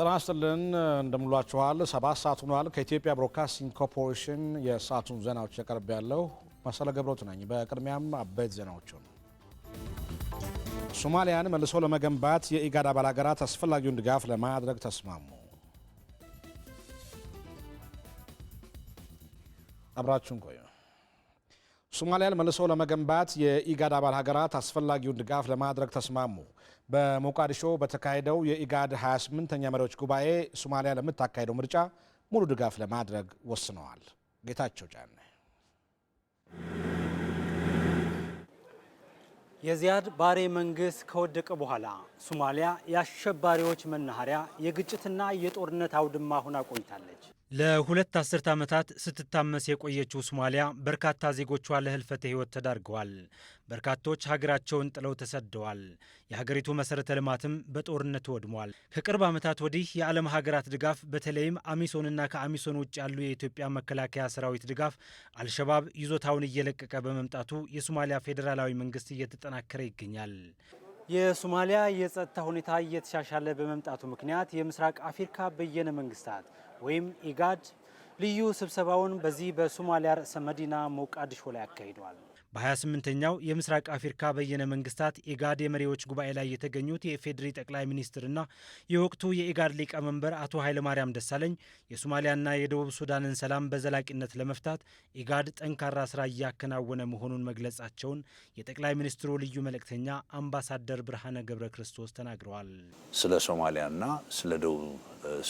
ጤና ይስጥልን እንደምሏችኋል። ሰባት ሰዓት ሆኗል። ከኢትዮጵያ ብሮድካስቲንግ ኮርፖሬሽን የሰዓቱን ዜናዎች ያቀርብ ያለው መሰለ ገብረቱ ነኝ። በቅድሚያም አበይት ዜናዎቹ ሶማሊያን መልሶ ለመገንባት የኢጋድ አባል ሀገራት አስፈላጊውን ድጋፍ ለማድረግ ተስማሙ። አብራችሁን ቆዩ። ሶማሊያን መልሶ ለመገንባት የኢጋድ አባል ሀገራት አስፈላጊውን ድጋፍ ለማድረግ ተስማሙ። በሞቃዲሾ በተካሄደው የኢጋድ 28ኛ መሪዎች ጉባኤ ሶማሊያ ለምታካሄደው ምርጫ ሙሉ ድጋፍ ለማድረግ ወስነዋል። ጌታቸው ጫነ። የዚያድ ባሬ መንግስት ከወደቀ በኋላ ሶማሊያ የአሸባሪዎች መናኸሪያ፣ የግጭትና የጦርነት አውድማ ሆና ቆይታለች። ለሁለት አስርት ዓመታት ስትታመስ የቆየችው ሶማሊያ በርካታ ዜጎቿ ለህልፈተ ህይወት ተዳርገዋል። በርካቶች ሀገራቸውን ጥለው ተሰደዋል። የሀገሪቱ መሠረተ ልማትም በጦርነት ወድሟል። ከቅርብ ዓመታት ወዲህ የዓለም ሀገራት ድጋፍ በተለይም አሚሶንና ከአሚሶን ውጭ ያሉ የኢትዮጵያ መከላከያ ሰራዊት ድጋፍ አልሸባብ ይዞታውን እየለቀቀ በመምጣቱ የሶማሊያ ፌዴራላዊ መንግስት እየተጠናከረ ይገኛል። የሶማሊያ የጸጥታ ሁኔታ እየተሻሻለ በመምጣቱ ምክንያት የምስራቅ አፍሪካ በየነ መንግስታት ወይም ኢጋድ ልዩ ስብሰባውን በዚህ በሶማሊያ ርዕሰ መዲና ሞቃዲሾ ላይ አካሂደዋል። በ28ኛው የምስራቅ አፍሪካ በየነ መንግስታት ኢጋድ የመሪዎች ጉባኤ ላይ የተገኙት የኢፌዴሪ ጠቅላይ ሚኒስትርና የወቅቱ የኢጋድ ሊቀመንበር አቶ ኃይለማርያም ደሳለኝ የሶማሊያና የደቡብ ሱዳንን ሰላም በዘላቂነት ለመፍታት ኢጋድ ጠንካራ ስራ እያከናወነ መሆኑን መግለጻቸውን የጠቅላይ ሚኒስትሩ ልዩ መልእክተኛ አምባሳደር ብርሃነ ገብረ ክርስቶስ ተናግረዋል። ስለ ሶማሊያና ስለ ደቡብ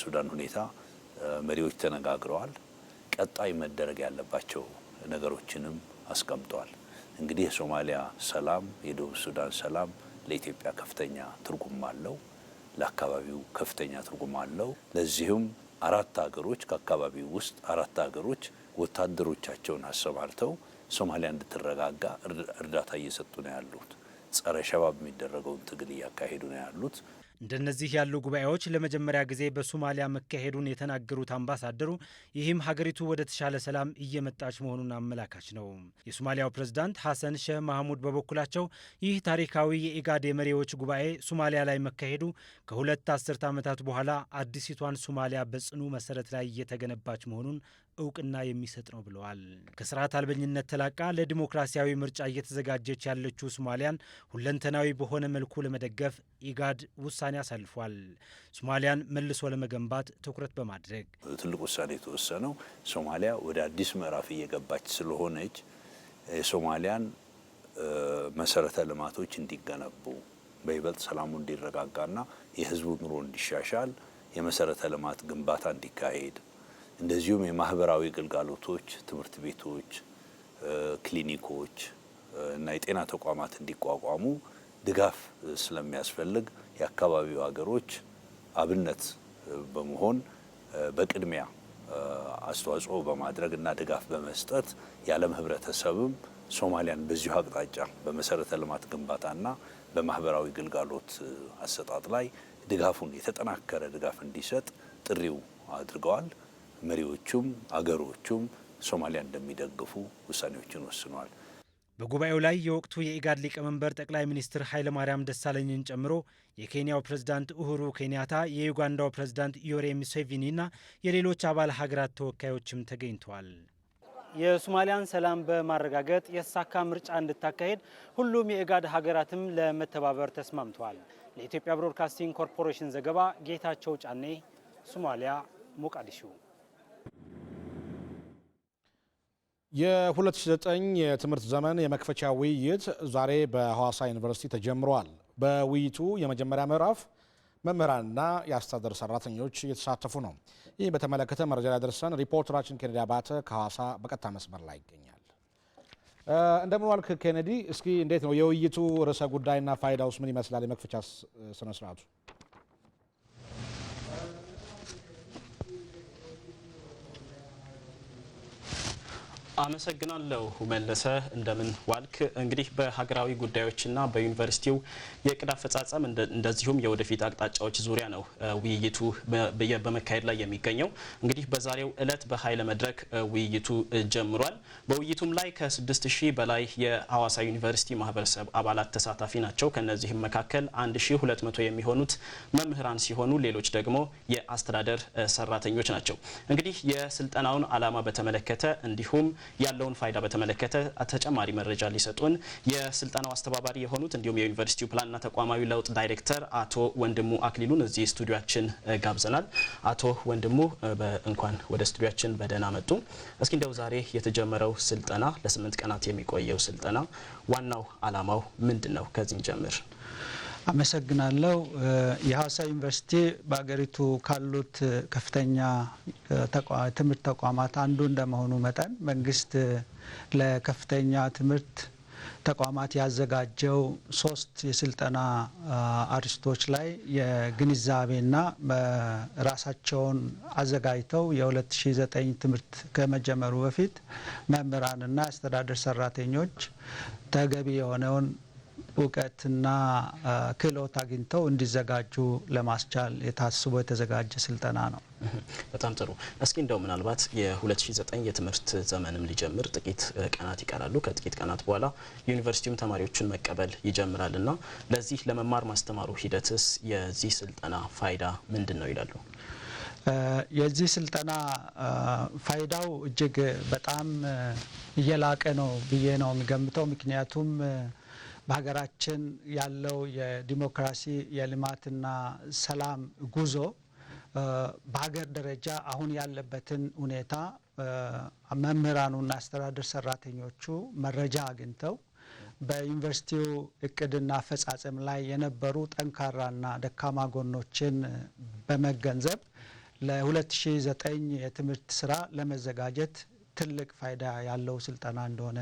ሱዳን ሁኔታ መሪዎች ተነጋግረዋል። ቀጣይ መደረግ ያለባቸው ነገሮችንም አስቀምጠዋል። እንግዲህ የሶማሊያ ሰላም፣ የደቡብ ሱዳን ሰላም ለኢትዮጵያ ከፍተኛ ትርጉም አለው፣ ለአካባቢው ከፍተኛ ትርጉም አለው። ለዚሁም አራት ሀገሮች ከአካባቢው ውስጥ አራት ሀገሮች ወታደሮቻቸውን አሰማርተው ሶማሊያ እንድትረጋጋ እርዳታ እየሰጡ ነው ያሉት። ጸረ ሸባብ የሚደረገውን ትግል እያካሄዱ ነው ያሉት። እንደነዚህ ያሉ ጉባኤዎች ለመጀመሪያ ጊዜ በሶማሊያ መካሄዱን የተናገሩት አምባሳደሩ ይህም ሀገሪቱ ወደ ተሻለ ሰላም እየመጣች መሆኑን አመላካች ነው። የሶማሊያው ፕሬዝዳንት ሐሰን ሼህ ማህሙድ በበኩላቸው ይህ ታሪካዊ የኢጋድ የመሪዎች ጉባኤ ሶማሊያ ላይ መካሄዱ ከሁለት አስርት ዓመታት በኋላ አዲሲቷን ሶማሊያ በጽኑ መሰረት ላይ እየተገነባች መሆኑን እውቅና የሚሰጥ ነው ብለዋል። ከስርዓት አልበኝነት ተላቃ ለዲሞክራሲያዊ ምርጫ እየተዘጋጀች ያለችው ሶማሊያን ሁለንተናዊ በሆነ መልኩ ለመደገፍ ኢጋድ ውሳኔ አሳልፏል። ሶማሊያን መልሶ ለመገንባት ትኩረት በማድረግ ትልቅ ውሳኔ የተወሰነው ሶማሊያ ወደ አዲስ ምዕራፍ እየገባች ስለሆነች የሶማሊያን መሰረተ ልማቶች እንዲገነቡ በይበልጥ ሰላሙ እንዲረጋጋና የህዝቡ ኑሮ እንዲሻሻል የመሰረተ ልማት ግንባታ እንዲካሄድ እንደዚሁም የማህበራዊ ግልጋሎቶች፣ ትምህርት ቤቶች፣ ክሊኒኮች እና የጤና ተቋማት እንዲቋቋሙ ድጋፍ ስለሚያስፈልግ የአካባቢው ሀገሮች አብነት በመሆን በቅድሚያ አስተዋጽኦ በማድረግ እና ድጋፍ በመስጠት የዓለም ህብረተሰብም ሶማሊያን በዚሁ አቅጣጫ በመሰረተ ልማት ግንባታና በማህበራዊ ግልጋሎት አሰጣጥ ላይ ድጋፉን የተጠናከረ ድጋፍ እንዲሰጥ ጥሪው አድርገዋል። መሪዎቹም አገሮቹም ሶማሊያ እንደሚደግፉ ውሳኔዎችን ወስነዋል። በጉባኤው ላይ የወቅቱ የኢጋድ ሊቀመንበር ጠቅላይ ሚኒስትር ኃይለማርያም ደሳለኝን ጨምሮ የኬንያው ፕሬዝዳንት ኡሁሩ ኬንያታ፣ የዩጋንዳው ፕሬዝዳንት ዮዌሪ ሙሴቬኒና የሌሎች አባል ሀገራት ተወካዮችም ተገኝተዋል። የሶማሊያን ሰላም በማረጋገጥ የተሳካ ምርጫ እንድታካሄድ ሁሉም የኢጋድ ሀገራትም ለመተባበር ተስማምተዋል። ለኢትዮጵያ ብሮድካስቲንግ ኮርፖሬሽን ዘገባ ጌታቸው ጫኔ፣ ሶማሊያ ሞቃዲሾ የ2009 የትምህርት ዘመን የመክፈቻ ውይይት ዛሬ በሐዋሳ ዩኒቨርሲቲ ተጀምሯል። በውይይቱ የመጀመሪያ ምዕራፍ መምህራንና የአስተዳደር ሰራተኞች እየተሳተፉ ነው። ይህ በተመለከተ መረጃ ላይ ደርሰን ሪፖርተራችን ኬኔዲ አባተ ከሐዋሳ በቀጥታ መስመር ላይ ይገኛል። እንደምን ዋልክ ኬኔዲ? እስኪ እንዴት ነው የውይይቱ ርዕሰ ጉዳይና ፋይዳውስ ምን ይመስላል? የመክፈቻ ስነስርዓቱ አመሰግናለሁ መለሰ፣ እንደምን ዋልክ? እንግዲህ በሀገራዊ ጉዳዮችና በዩኒቨርሲቲው የቅድ አፈጻጸም እንደዚሁም የወደፊት አቅጣጫዎች ዙሪያ ነው ውይይቱ በመካሄድ ላይ የሚገኘው። እንግዲህ በዛሬው እለት በኃይለ መድረክ ውይይቱ ጀምሯል። በውይይቱም ላይ ከስድስት ሺህ በላይ የሀዋሳ ዩኒቨርሲቲ ማህበረሰብ አባላት ተሳታፊ ናቸው። ከእነዚህም መካከል 1200 የሚሆኑት መምህራን ሲሆኑ ሌሎች ደግሞ የአስተዳደር ሰራተኞች ናቸው። እንግዲህ የስልጠናውን ዓላማ በተመለከተ እንዲሁም ያለውን ፋይዳ በተመለከተ ተጨማሪ መረጃ ሊሰጡን የስልጠናው አስተባባሪ የሆኑት እንዲሁም የዩኒቨርሲቲው ፕላንና ተቋማዊ ለውጥ ዳይሬክተር አቶ ወንድሙ አክሊሉን እዚህ ስቱዲዮችን ጋብዘናል። አቶ ወንድሙ እንኳን ወደ ስቱዲዮችን በደህና መጡ። እስኪ እንደው ዛሬ የተጀመረው ስልጠና ለስምንት ቀናት የሚቆየው ስልጠና ዋናው አላማው ምንድን ነው? ከዚህ ጀምር አመሰግናለሁ። የሀዋሳ ዩኒቨርሲቲ በሀገሪቱ ካሉት ከፍተኛ ትምህርት ተቋማት አንዱ እንደመሆኑ መጠን መንግስት ለከፍተኛ ትምህርት ተቋማት ያዘጋጀው ሶስት የስልጠና አርስቶች ላይ የግንዛቤና ራሳቸውን አዘጋጅተው የ2009 ትምህርት ከመጀመሩ በፊት መምህራንና የአስተዳደር ሰራተኞች ተገቢ የሆነውን እውቀትና ክህሎት አግኝተው እንዲዘጋጁ ለማስቻል የታስቦ የተዘጋጀ ስልጠና ነው። በጣም ጥሩ። እስኪ እንደው ምናልባት የ2009 የትምህርት ዘመንም ሊጀምር ጥቂት ቀናት ይቀራሉ። ከጥቂት ቀናት በኋላ ዩኒቨርሲቲውም ተማሪዎችን መቀበል ይጀምራል እና ለዚህ ለመማር ማስተማሩ ሂደትስ የዚህ ስልጠና ፋይዳ ምንድን ነው ይላሉ? የዚህ ስልጠና ፋይዳው እጅግ በጣም እየላቀ ነው ብዬ ነው የሚገምተው ምክንያቱም በሀገራችን ያለው የዲሞክራሲ የልማትና ሰላም ጉዞ በሀገር ደረጃ አሁን ያለበትን ሁኔታ መምህራኑና አስተዳደር ሰራተኞቹ መረጃ አግኝተው በዩኒቨርሲቲው እቅድና አፈጻጸም ላይ የነበሩ ጠንካራና ደካማ ጎኖችን በመገንዘብ ለ2009 የትምህርት ስራ ለመዘጋጀት ትልቅ ፋይዳ ያለው ስልጠና እንደሆነ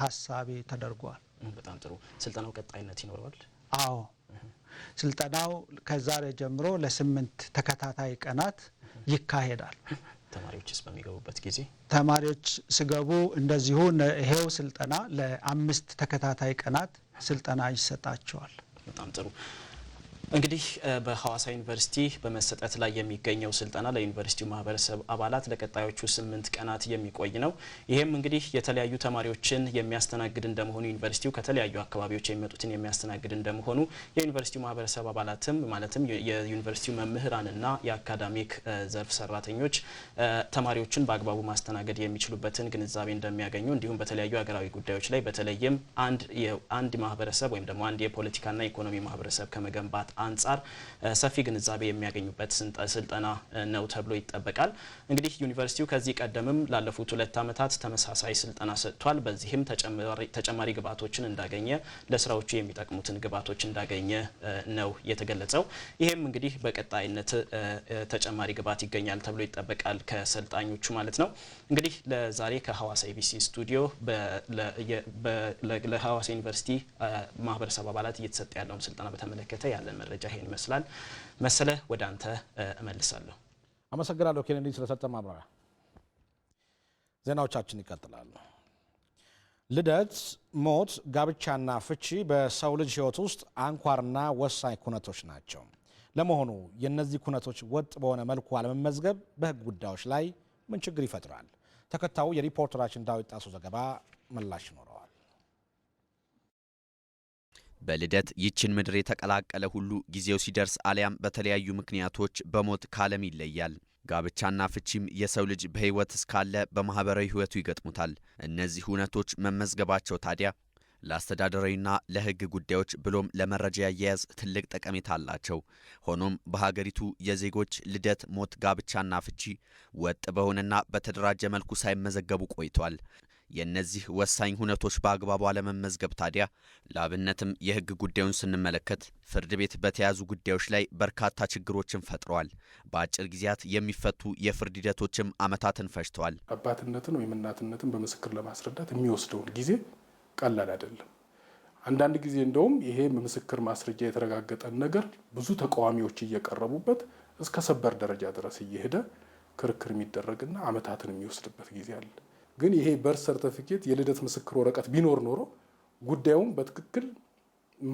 ታሳቢ ተደርጓል። በጣም ጥሩ። ስልጠናው ቀጣይነት ይኖረዋል? አዎ ስልጠናው ከዛሬ ጀምሮ ለስምንት ተከታታይ ቀናት ይካሄዳል። ተማሪዎችስ በሚገቡበት ጊዜ ተማሪዎች ሲገቡ እንደዚሁ ይሄው ስልጠና ለአምስት ተከታታይ ቀናት ስልጠና ይሰጣቸዋል። በጣም ጥሩ። እንግዲህ በሐዋሳ ዩኒቨርሲቲ በመሰጠት ላይ የሚገኘው ስልጠና ለዩኒቨርሲቲው ማህበረሰብ አባላት ለቀጣዮቹ ስምንት ቀናት የሚቆይ ነው። ይህም እንግዲህ የተለያዩ ተማሪዎችን የሚያስተናግድ እንደመሆኑ ዩኒቨርሲቲው ከተለያዩ አካባቢዎች የሚመጡትን የሚያስተናግድ እንደመሆኑ የዩኒቨርሲቲው ማህበረሰብ አባላትም ማለትም የዩኒቨርሲቲው መምህራንና የአካዳሚክ ዘርፍ ሰራተኞች ተማሪዎችን በአግባቡ ማስተናገድ የሚችሉበትን ግንዛቤ እንደሚያገኙ እንዲሁም በተለያዩ ሀገራዊ ጉዳዮች ላይ በተለይም አንድ ማህበረሰብ ወይም ደግሞ አንድ የፖለቲካና ኢኮኖሚ ማህበረሰብ ከመገንባት አንጻር ሰፊ ግንዛቤ የሚያገኙበት ስልጠና ነው ተብሎ ይጠበቃል። እንግዲህ ዩኒቨርሲቲው ከዚህ ቀደምም ላለፉት ሁለት ዓመታት ተመሳሳይ ስልጠና ሰጥቷል። በዚህም ተጨማሪ ግብዓቶችን እንዳገኘ ለስራዎቹ የሚጠቅሙትን ግብዓቶች እንዳገኘ ነው የተገለጸው። ይህም እንግዲህ በቀጣይነት ተጨማሪ ግብዓት ይገኛል ተብሎ ይጠበቃል ከሰልጣኞቹ ማለት ነው። እንግዲህ ለዛሬ ከሐዋሳ ኤቢሲ ስቱዲዮ ለሐዋሳ ዩኒቨርሲቲ ማህበረሰብ አባላት እየተሰጠ ያለውን ስልጠና በተመለከተ ያለን መረጃ ይሄን ይመስላል። መሰለ ወደ አንተ እመልሳለሁ። አመሰግናለሁ ኬኔዲ ስለሰጠ ማብራሪያ። ዜናዎቻችን ይቀጥላሉ። ልደት፣ ሞት፣ ጋብቻና ፍቺ በሰው ልጅ ህይወት ውስጥ አንኳርና ወሳኝ ኩነቶች ናቸው። ለመሆኑ የእነዚህ ኩነቶች ወጥ በሆነ መልኩ አለመመዝገብ በህግ ጉዳዮች ላይ ምን ችግር ይፈጥራል? ተከታዩ የሪፖርተራችን ዳዊት ጣሶ ዘገባ ምላሽ ይኖረዋል። በልደት ይችን ምድር የተቀላቀለ ሁሉ ጊዜው ሲደርስ አሊያም በተለያዩ ምክንያቶች በሞት ከዓለም ይለያል። ጋብቻና ፍቺም የሰው ልጅ በሕይወት እስካለ በማኅበራዊ ሕይወቱ ይገጥሙታል። እነዚህ እውነቶች መመዝገባቸው ታዲያ ለአስተዳደራዊና ለሕግ ጉዳዮች ብሎም ለመረጃ አያያዝ ትልቅ ጠቀሜታ አላቸው። ሆኖም በሀገሪቱ የዜጎች ልደት፣ ሞት፣ ጋብቻና ፍቺ ወጥ በሆነና በተደራጀ መልኩ ሳይመዘገቡ ቆይቷል። የእነዚህ ወሳኝ ሁነቶች በአግባቡ አለመመዝገብ ታዲያ ለአብነትም የህግ ጉዳዩን ስንመለከት ፍርድ ቤት በተያዙ ጉዳዮች ላይ በርካታ ችግሮችን ፈጥረዋል። በአጭር ጊዜያት የሚፈቱ የፍርድ ሂደቶችም አመታትን ፈጅተዋል። አባትነትን ወይም እናትነትን በምስክር ለማስረዳት የሚወስደውን ጊዜ ቀላል አይደለም። አንዳንድ ጊዜ እንደውም ይሄ ምስክር ማስረጃ የተረጋገጠን ነገር ብዙ ተቃዋሚዎች እየቀረቡበት እስከ ሰበር ደረጃ ድረስ እየሄደ ክርክር የሚደረግና አመታትን የሚወስድበት ጊዜ አለ። ግን ይሄ በርስ ሰርተፊኬት የልደት ምስክር ወረቀት ቢኖር ኖሮ ጉዳዩም በትክክል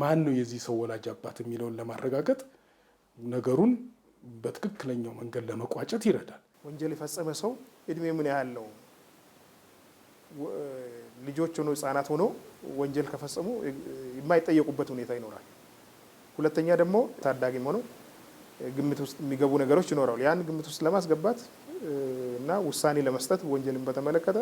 ማን ነው የዚህ ሰው ወላጅ አባት የሚለውን ለማረጋገጥ ነገሩን በትክክለኛው መንገድ ለመቋጨት ይረዳል። ወንጀል የፈጸመ ሰው እድሜ ምን ያህል ነው? ልጆች ሆኖ ህጻናት ሆኖ ወንጀል ከፈጸሙ የማይጠየቁበት ሁኔታ ይኖራል። ሁለተኛ ደግሞ ታዳጊም ሆኖ ግምት ውስጥ የሚገቡ ነገሮች ይኖራሉ። ያን ግምት ውስጥ ለማስገባት እና ውሳኔ ለመስጠት ወንጀልን በተመለከተ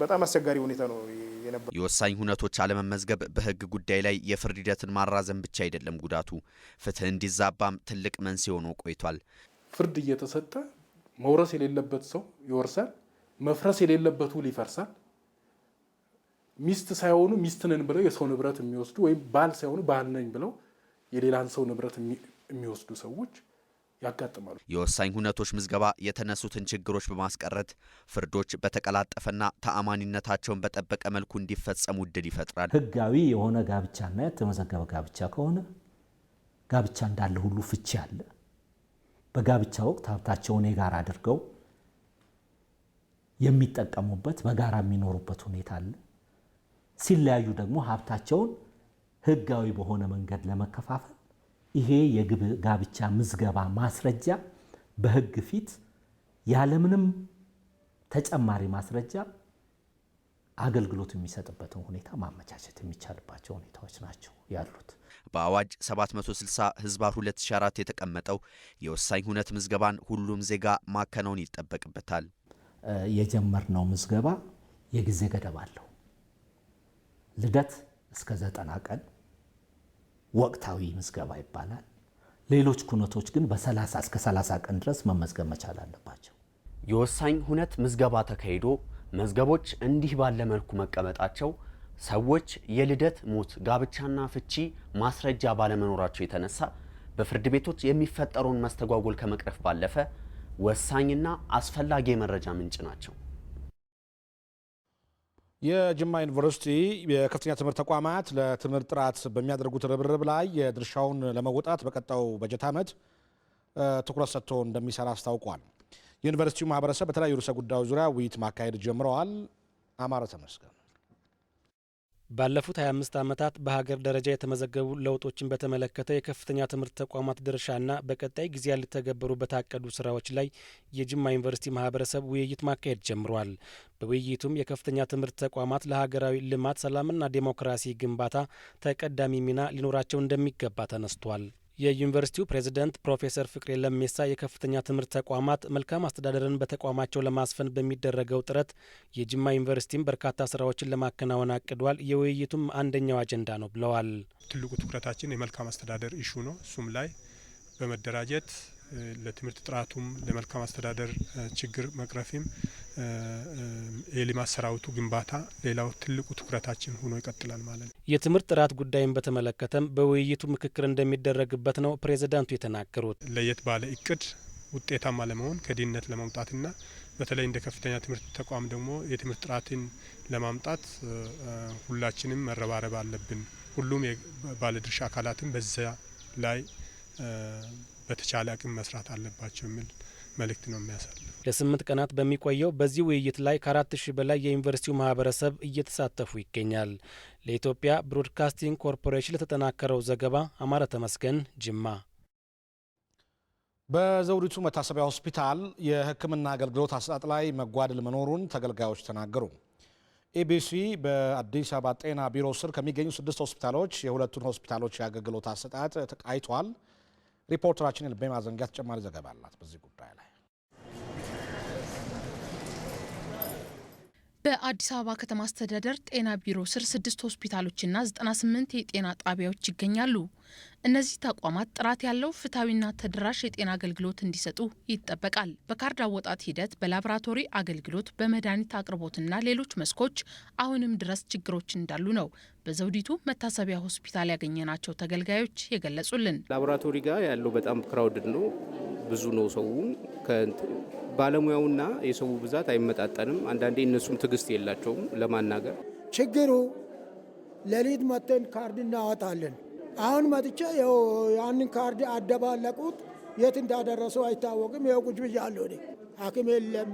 በጣም አስቸጋሪ ሁኔታ ነው የነበረ። የወሳኝ ሁነቶች አለመመዝገብ በህግ ጉዳይ ላይ የፍርድ ሂደትን ማራዘም ብቻ አይደለም ጉዳቱ፣ ፍትህ እንዲዛባም ትልቅ መንስኤ ሆኖ ቆይቷል። ፍርድ እየተሰጠ መውረስ የሌለበት ሰው ይወርሳል፣ መፍረስ የሌለበት ውል ይፈርሳል። ሚስት ሳይሆኑ ሚስት ነን ብለው የሰው ንብረት የሚወስዱ ወይም ባል ሳይሆኑ ባል ነኝ ብለው የሌላን ሰው ንብረት የሚወስዱ ሰዎች ያጋጥማሉ። የወሳኝ ሁነቶች ምዝገባ የተነሱትን ችግሮች በማስቀረት ፍርዶች በተቀላጠፈና ተአማኒነታቸውን በጠበቀ መልኩ እንዲፈጸሙ እድል ይፈጥራል። ህጋዊ የሆነ ጋብቻና የተመዘገበ ጋብቻ ከሆነ ጋብቻ እንዳለ ሁሉ ፍቺ አለ። በጋብቻ ወቅት ሀብታቸውን የጋራ አድርገው የሚጠቀሙበት በጋራ የሚኖሩበት ሁኔታ አለ። ሲለያዩ ደግሞ ሀብታቸውን ህጋዊ በሆነ መንገድ ለመከፋፈል ይሄ የግብ ጋብቻ ምዝገባ ማስረጃ በህግ ፊት ያለምንም ተጨማሪ ማስረጃ አገልግሎት የሚሰጥበትን ሁኔታ ማመቻቸት የሚቻልባቸው ሁኔታዎች ናቸው ያሉት። በአዋጅ 760 ህዝባር 2004 የተቀመጠው የወሳኝ ሁነት ምዝገባን ሁሉም ዜጋ ማከናወን ይጠበቅበታል። የጀመርነው ምዝገባ የጊዜ ገደብ አለው። ልደት እስከ ዘጠና ቀን ወቅታዊ ምዝገባ ይባላል። ሌሎች ኩነቶች ግን በ30 እስከ 30 ቀን ድረስ መመዝገብ መቻል አለባቸው። የወሳኝ ሁነት ምዝገባ ተካሂዶ መዝገቦች እንዲህ ባለ መልኩ መቀመጣቸው ሰዎች የልደት፣ ሞት፣ ጋብቻና ፍቺ ማስረጃ ባለመኖራቸው የተነሳ በፍርድ ቤቶች የሚፈጠረውን መስተጓጎል ከመቅረፍ ባለፈ ወሳኝና አስፈላጊ የመረጃ ምንጭ ናቸው። የጅማ ዩኒቨርሲቲ የከፍተኛ ትምህርት ተቋማት ለትምህርት ጥራት በሚያደርጉት ርብርብ ላይ የድርሻውን ለመወጣት በቀጣው በጀት ዓመት ትኩረት ሰጥቶ እንደሚሰራ አስታውቋል። የዩኒቨርሲቲው ማህበረሰብ በተለያዩ ርዕሰ ጉዳዮች ዙሪያ ውይይት ማካሄድ ጀምረዋል። አማረ ተመስገን ባለፉት 25 ዓመታት በሀገር ደረጃ የተመዘገቡ ለውጦችን በተመለከተ የከፍተኛ ትምህርት ተቋማት ድርሻና በቀጣይ ጊዜ ሊተገበሩ በታቀዱ ስራዎች ላይ የጅማ ዩኒቨርሲቲ ማህበረሰብ ውይይት ማካሄድ ጀምሯል። በውይይቱም የከፍተኛ ትምህርት ተቋማት ለሀገራዊ ልማት፣ ሰላምና ዴሞክራሲ ግንባታ ተቀዳሚ ሚና ሊኖራቸው እንደሚገባ ተነስቷል። የዩኒቨርሲቲው ፕሬዝደንት ፕሮፌሰር ፍቅሬ ለሜሳ የከፍተኛ ትምህርት ተቋማት መልካም አስተዳደርን በተቋማቸው ለማስፈን በሚደረገው ጥረት የጅማ ዩኒቨርሲቲም በርካታ ስራዎችን ለማከናወን አቅዷል። የውይይቱም አንደኛው አጀንዳ ነው ብለዋል። ትልቁ ትኩረታችን የመልካም አስተዳደር ኢሹ ነው። እሱም ላይ በመደራጀት ለትምህርት ጥራቱም ለመልካም አስተዳደር ችግር መቅረፊም የልማት ሰራዊቱ ግንባታ ሌላው ትልቁ ትኩረታችን ሆኖ ይቀጥላል ማለት ነው። የትምህርት ጥራት ጉዳይን በተመለከተም በውይይቱ ምክክር እንደሚደረግበት ነው ፕሬዚዳንቱ የተናገሩት። ለየት ባለ እቅድ ውጤታማ ለመሆን ከድህነት ለመውጣትና በተለይ እንደ ከፍተኛ ትምህርት ተቋም ደግሞ የትምህርት ጥራትን ለማምጣት ሁላችንም መረባረብ አለብን። ሁሉም የባለድርሻ አካላትም በዛ ላይ በተቻለ አቅም መስራት አለባቸው የሚል መልእክት ነው የሚያሳልፍ። ለስምንት ቀናት በሚቆየው በዚህ ውይይት ላይ ከአራት ሺህ በላይ የዩኒቨርሲቲው ማህበረሰብ እየተሳተፉ ይገኛል። ለኢትዮጵያ ብሮድካስቲንግ ኮርፖሬሽን ለተጠናከረው ዘገባ አማረ ተመስገን ጅማ። በዘውዲቱ መታሰቢያ ሆስፒታል የሕክምና አገልግሎት አሰጣጥ ላይ መጓደል መኖሩን ተገልጋዮች ተናገሩ። ኤቢሲ በአዲስ አበባ ጤና ቢሮ ስር ከሚገኙ ስድስት ሆስፒታሎች የሁለቱን ሆስፒታሎች የአገልግሎት አሰጣጥ ተቃይቷል። ሪፖርተራችን ልቤ ማዘንጋ ተጨማሪ ዘገባ አላት በዚህ ጉዳይ ላይ። በአዲስ አበባ ከተማ አስተዳደር ጤና ቢሮ ስር ስድስት ሆስፒታሎችና 98 የጤና ጣቢያዎች ይገኛሉ። እነዚህ ተቋማት ጥራት ያለው ፍትሐዊና ተደራሽ የጤና አገልግሎት እንዲሰጡ ይጠበቃል። በካርድ አወጣት ሂደት፣ በላቦራቶሪ አገልግሎት፣ በመድኃኒት አቅርቦትና ሌሎች መስኮች አሁንም ድረስ ችግሮች እንዳሉ ነው በዘውዲቱ መታሰቢያ ሆስፒታል ያገኘናቸው ተገልጋዮች የገለጹልን። ላቦራቶሪ ጋር ያለው በጣም ክራውድድ ነው፣ ብዙ ነው። ሰውም ባለሙያውና የሰው ብዛት አይመጣጠንም። አንዳንዴ እነሱም ትዕግስት የላቸውም ለማናገር። ችግሩ ሌሊት መተን ካርድ እናወጣለን። አሁን መጥቼ ያንን ካርድ አደባለቁት። የት እንዳደረሰው አይታወቅም። ይኸው ቁጭ ብያለሁ ሐኪም የለም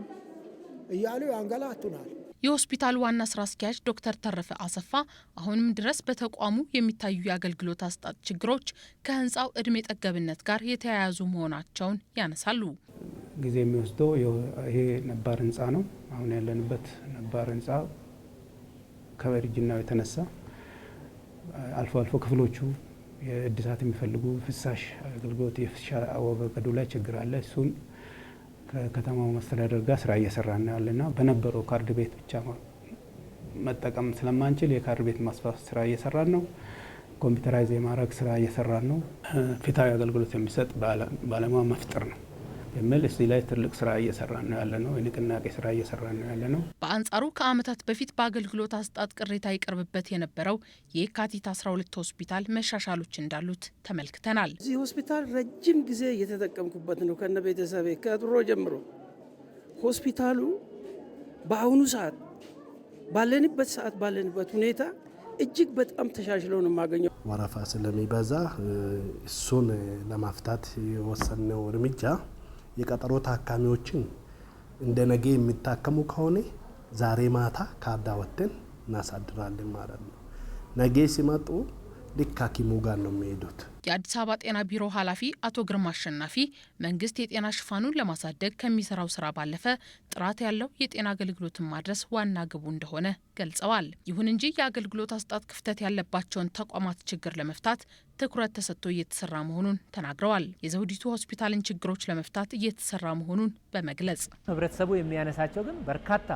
እያሉ ያንገላቱናል። የሆስፒታል ዋና ስራ አስኪያጅ ዶክተር ተረፈ አሰፋ አሁንም ድረስ በተቋሙ የሚታዩ የአገልግሎት አሰጣጥ ችግሮች ከህንፃው እድሜ ጠገብነት ጋር የተያያዙ መሆናቸውን ያነሳሉ። ጊዜ የሚወስደው ይሄ ነባር ህንፃ ነው። አሁን ያለንበት ነባር ህንፃ ከእርጅናው የተነሳ አልፎ አልፎ ክፍሎቹ የእድሳት የሚፈልጉ ፍሳሽ አገልግሎት የፍሳሽ አወጋገዱ ላይ ችግር አለ። እሱን ከከተማው መስተዳደር ጋር ስራ እየሰራን ያለና በነበረው ካርድ ቤት ብቻ መጠቀም ስለማንችል የካርድ ቤት ማስፋፋት ስራ እየሰራን ነው። ኮምፒውተራይዝ የማድረግ ስራ እየሰራን ነው። ፊታዊ አገልግሎት የሚሰጥ ባለሙያ መፍጠር ነው። የሚል እዚህ ላይ ትልቅ ስራ እየሰራ ነው ያለ ነው። የንቅናቄ ስራ እየሰራ ነው ያለ ነው። በአንጻሩ ከዓመታት በፊት በአገልግሎት አስጣጥ ቅሬታ ይቀርብበት የነበረው የካቲት 12 ሆስፒታል መሻሻሎች እንዳሉት ተመልክተናል። እዚህ ሆስፒታል ረጅም ጊዜ እየተጠቀምኩበት ነው ከነ ቤተሰቤ ከድሮ ጀምሮ። ሆስፒታሉ በአሁኑ ሰዓት ባለንበት ሰዓት ባለንበት ሁኔታ እጅግ በጣም ተሻሽሎ ነው የማገኘው። ወረፋ ስለሚበዛ እሱን ለማፍታት የወሰነው እርምጃ የቀጠሮ ታካሚዎችን እንደ ነገ የሚታከሙ ከሆነ ዛሬ ማታ ካርድ አወጥተን እናሳድራለን ማለት ነው። ነገ ሲመጡ ልክ ሐኪሙ ጋር ነው የሚሄዱት። የአዲስ አበባ ጤና ቢሮ ኃላፊ አቶ ግርማ አሸናፊ መንግስት የጤና ሽፋኑን ለማሳደግ ከሚሰራው ስራ ባለፈ ጥራት ያለው የጤና አገልግሎትን ማድረስ ዋና ግቡ እንደሆነ ገልጸዋል። ይሁን እንጂ የአገልግሎት አሰጣጥ ክፍተት ያለባቸውን ተቋማት ችግር ለመፍታት ትኩረት ተሰጥቶ እየተሰራ መሆኑን ተናግረዋል። የዘውዲቱ ሆስፒታልን ችግሮች ለመፍታት እየተሰራ መሆኑን በመግለጽ ህብረተሰቡ የሚያነሳቸው ግን በርካታ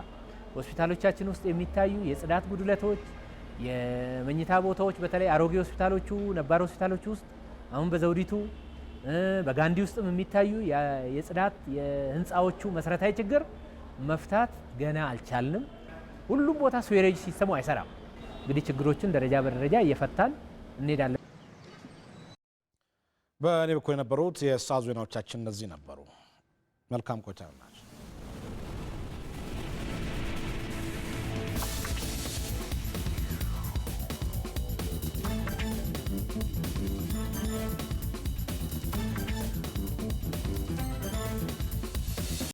ሆስፒታሎቻችን ውስጥ የሚታዩ የጽዳት ጉድለቶች፣ የመኝታ ቦታዎች በተለይ አሮጌ ሆስፒታሎቹ ነባር ሆስፒታሎቹ ውስጥ አሁን በዘውዲቱ በጋንዲ ውስጥም የሚታዩ የጽዳት የህንፃዎቹ መሰረታዊ ችግር መፍታት ገና አልቻልንም። ሁሉም ቦታ ስዌሬጅ ሲስተሙ አይሰራም። እንግዲህ ችግሮችን ደረጃ በደረጃ እየፈታን እንሄዳለን። በእኔ በኩል የነበሩት የሳ ዜናዎቻችን እነዚህ ነበሩ። መልካም ቆይታ።